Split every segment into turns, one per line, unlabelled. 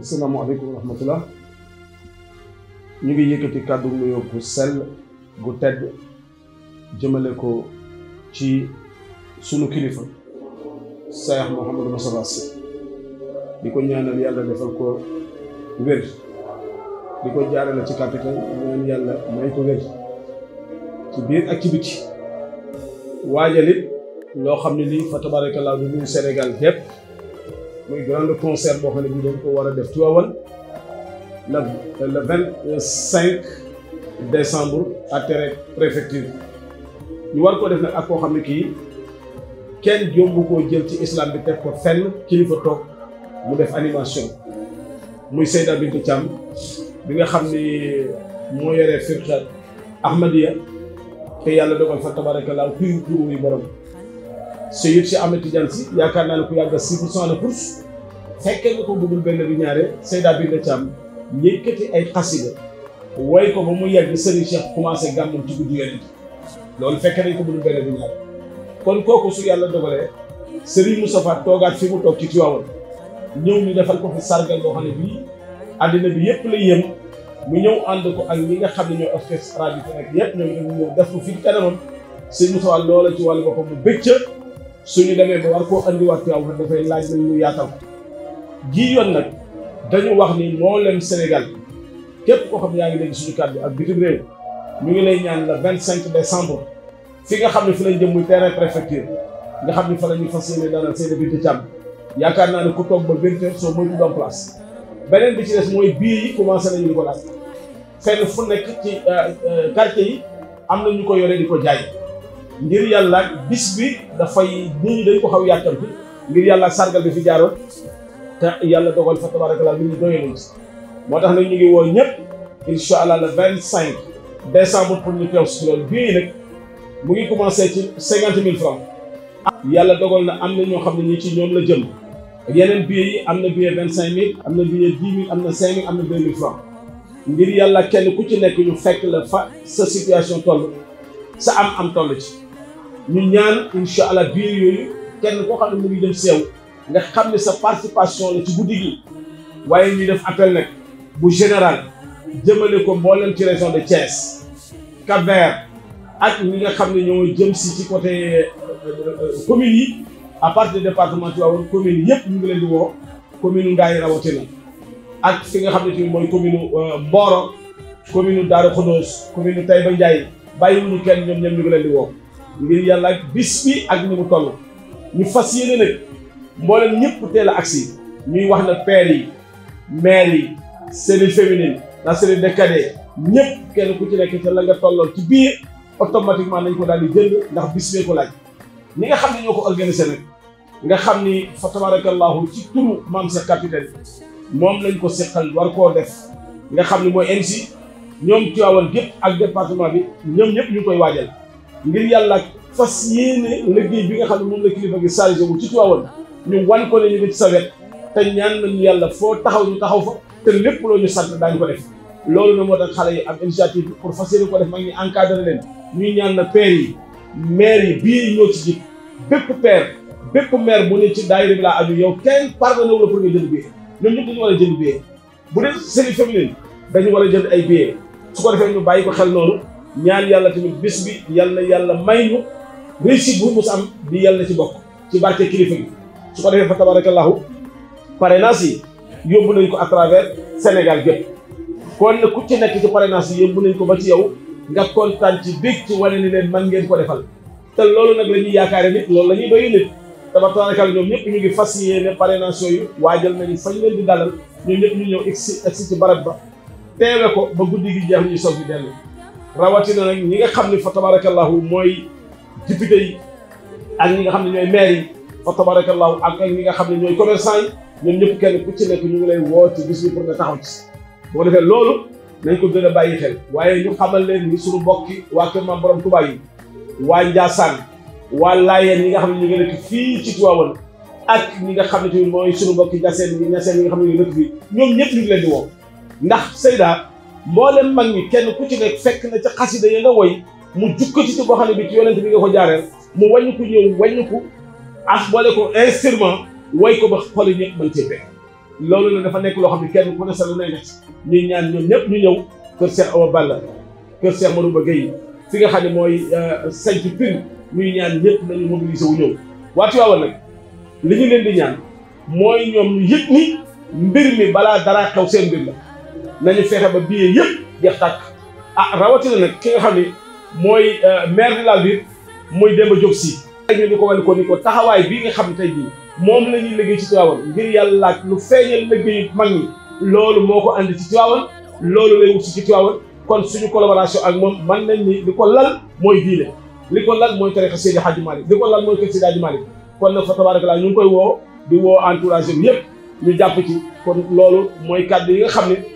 asalaamaaleykum wa rahmatullah ñu ngi yëkkati kàddu nuyoo gu sell gu tedd jëmale ko ci sunu kilifa Cheikh Mouhamadou Moustapha Sy di ko ñaanal yàlla defal ko wér di ko jaarale ci capital ñaan yàlla may ko wér ci biir ak ci biti waajalit loo xam ne li fa tabarakallah du nuyu Sénégal gépp muy Grand concert boo xam ne bii dañ ko war a def Tivaouane le le vingt cinq décembre à terre préfecture ñu war ko def nag ak koo xam ne kii kenn yombu koo jël ci islam bi teg ko fenn kilifa toog mu def animation muy Seyda Bintou Thiam bi nga xam ni moo yore firqa Ahmadiya te yàlla dogal fa tabarakallah kuy kuy borom. Seyid si Ahmed Tidiane si yaakaar naa ne ku yàgg a 6 pour cent la course fekkee nga ko bëggul benn bi ñaare Seyda Binta Thiam yëkkati ay xasida way ko ba mu yàgg Serigne Cheikh commencé gàmmam ci guddi yonent loolu fekkee nañ ko bëggul benn bi ñaare kon kooku su yàlla dogalee Serigne Moustapha toogaat fi mu toog ci Tiwaawan ñëw ñu defal ko fi sargal boo xam ne bii àddina bi yëpp la yëm mu ñëw ànd ko ak ñi nga xam ne ñoo affaire arabe yi fi nekk yëpp ñoom ñoo def ko fi kanamam Serigne Moustapha mu bëcc suñu demee ba war koo andiwaat Tiwaawan dafay laaj nañ ñu yaatal ko gii yoon nag dañu wax ni moo mboolem Sénégal képp koo xam yaa ngi dégg suñu bi ak bitim réew ñu ngi lay ñaan la vingt cinq décembre fi nga xam ne fi lañ jëm muy terrain préfecture nga xam ne fa la ñuy fas yéene daanal seen bind càmm yaakaar naa ne ku toog ba vingt heures soo moytu doon place beneen bi ci des mooy biir yi commencé nañu di ko laaj fenn fu nekk ci euh, euh, quartier yi am na ñu ko yore di ko jaay. ngir yàlla bis bi dafay nit ñi dañ ko xaw yàttal bi ngir yàlla sargal bi fi jaaroon te yàlla dogal fa tabarakallah nit ñi doyalul moo tax nag ñu ngi woo ñëpp incha allah le vingt cinq décembre pour ñu teew si loolu bii nag mu ngi commencé ci cinquante mille francs yàlla dogal na am na ñoo xam ne ñi ci ñoom la jëm yeneen billets yi am na billet vingt cinq mille am na billet dix am na cinq mille am na deux mille francs ngir yàlla kenn ku ci nekk ñu fekk la fa sa situation toll sa am am toll ci ñu ñaan incha allah biir yooyu kenn koo xam ne mu ngi dem seew nga xam ne sa participation la ci guddi gi waaye ñu def appel nag bu général jëmale ko mboolem ci région de Thiès Cap-Vert ak ñi nga xam ne ñoo jëm si ci côté euh, euh, communes yi à partir du département Tivaouane commune yëpp ñu ngi leen di woo commune Ngaye rawatina ak fi nga xam ne tamit mooy commune euh, Mboro commune Darou Khoudoss commune Taïba Ndiaye bàyyiwuñu kenn ñoom ñoom ñu ngi leen di woo. ngir yalla ak bis bi ak ni mu toll ñu fasiyene nak mbolam ñepp ñëpp teel a ñuy wax na père yi mère yi série féminine la série de cadet ñëpp kenn ku ci nek ci la nga tolloon ci biir automatiquement nañ ko dal di jënd ndax bis ko laaj ñi nga xamni ñoko organiser nak nga xamni fa tabarakallah ci turu mam sa capitaine mom lañ ko sekkal war ko def nga xamni moy mc MC ci Tivaouane gep ak département bi ñom ñëpp ñu koy ngir yàlla fas yéene liggéey bi nga xam ne moom la kilifa gi chargé wu ci Tiwaawan ñu wan ko ne ñu ngi ci sa wet te ñaan nañu yàlla foo taxaw ñu taxaw fa te lépp loolu ñu sant daañu ko def loolu na moo tax xale yi am initiative pour fas yéene ko def mag ñi encadré leen ñuy ñaan na père yi maire yi bii ñoo ci jik bépp père bépp maire bu ne ci daayira bi laa aju yow kenn pardonné wu la pour nga jënd billet ñoom ñëpp dañu war a jënd bu dee série féminine dañu war a jënd ay billet su dee defee ñu bàyyi ko xel noonu ñaan yàlla tamit bés bi yàlla na yàlla may ñu réussite bu mus am bi yàlla na ci bokk ci barke kilifa gi su ko defee fa tabarakallahu yi yóbbu nañ ko à travers Sénégal gépp kon ku ci nekk ci parrainage yi yóbbu nañ ko ba ci yow nga kontaan ci bég ci wane ni leen man ngeen ko defal te loolu nag la ñuy yaakaare nit loolu la ñuy doyu nit dafa tabarakallahu ñoom ñëpp ñu ngi fas yéene parrainage yooyu waajal nañu fañ leen di dalal ñoom ñëpp ñu ñëw egsi egsi barab ba teewe ko ba guddi gi jeex ñu soog di dellu rawatina nag ñi nga xam ne fa tabarakallahu mooy député yi ak ñi nga xam ne ñooy maire yi fa tabarakallahu ak nga xam ne ñooy commerçant yi ñoom ñëpp kenn ku ci nekk ñu ngi lay woo ci bis bi pour nga taxaw boo defee loolu nañ ko gën a bàyyi xel waaye ñu xamal leen ni suñu mbokki waa Kër Maam Borom Touba yi waa Njaasaan waa Laayeen ñi nga xam ne ñu ngi nekk fii ci Tiwaawan ak ñi nga xam ne tamit mooy suñu mbokki Ñaseen ñi Ñaseen ñi nga xam ne ñu ngi nekk fii ñoom ñëpp ñu leen di woo ndax Seyda mboolem mag ñi kenn ku ci nekk fekk na ca xasida ya na woy mu jukka ci ci boo xam ne bi ci yonent bi nga ko jaareel mu wàññi ko ñëw wàññi ko ak boole ko instrument woy ko ba xoli ñëpp mën cee fekk loolu la dafa nekk loo xam ne kenn ku ne sa lu nay nekk ñuy ñaan ñoom ñëpp ñu ñëw kër Cheikh Awa Balla kër Cheikh Marouba Gueye si nga xam ne mooy euh, sañ ci pir ñuy ñaan ñëpp nañu mobilisé wu ñëw waatu waawal nag li ñu leen di ñaan mooy ñoom ñu yëg ni mbir mi balaa dara xew seen la nañu fexe ba bii yëpp jeex tàkk ah rawatina nag ki nga xam ni mooy euh, maire de la ville mooy dem Diop Sy ñu ni ko wan ni ko taxawaay bii nga xam tey moom la ñuy liggéey ci Tivaouane ngir yàlla laaj lu feeñal liggéeyu man ñi loolu moo ko andi ci Tivaouane loolu lay wut si ci Tivaouane kon suñu collaboration ak moom man nañ ni ko lal mooy diine li ko lal mooy tarixa Seydi Hadji Malick li ko lal mooy kër Seydi Hadji Malick kon nag fa tabaaraka laa ñu ngi koy woo di woo entourage bi yëpp ñu jàpp ci kon loolu mooy kàddu yi nga xam ne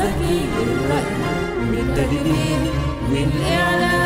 من والرهن والتدبير والإعلام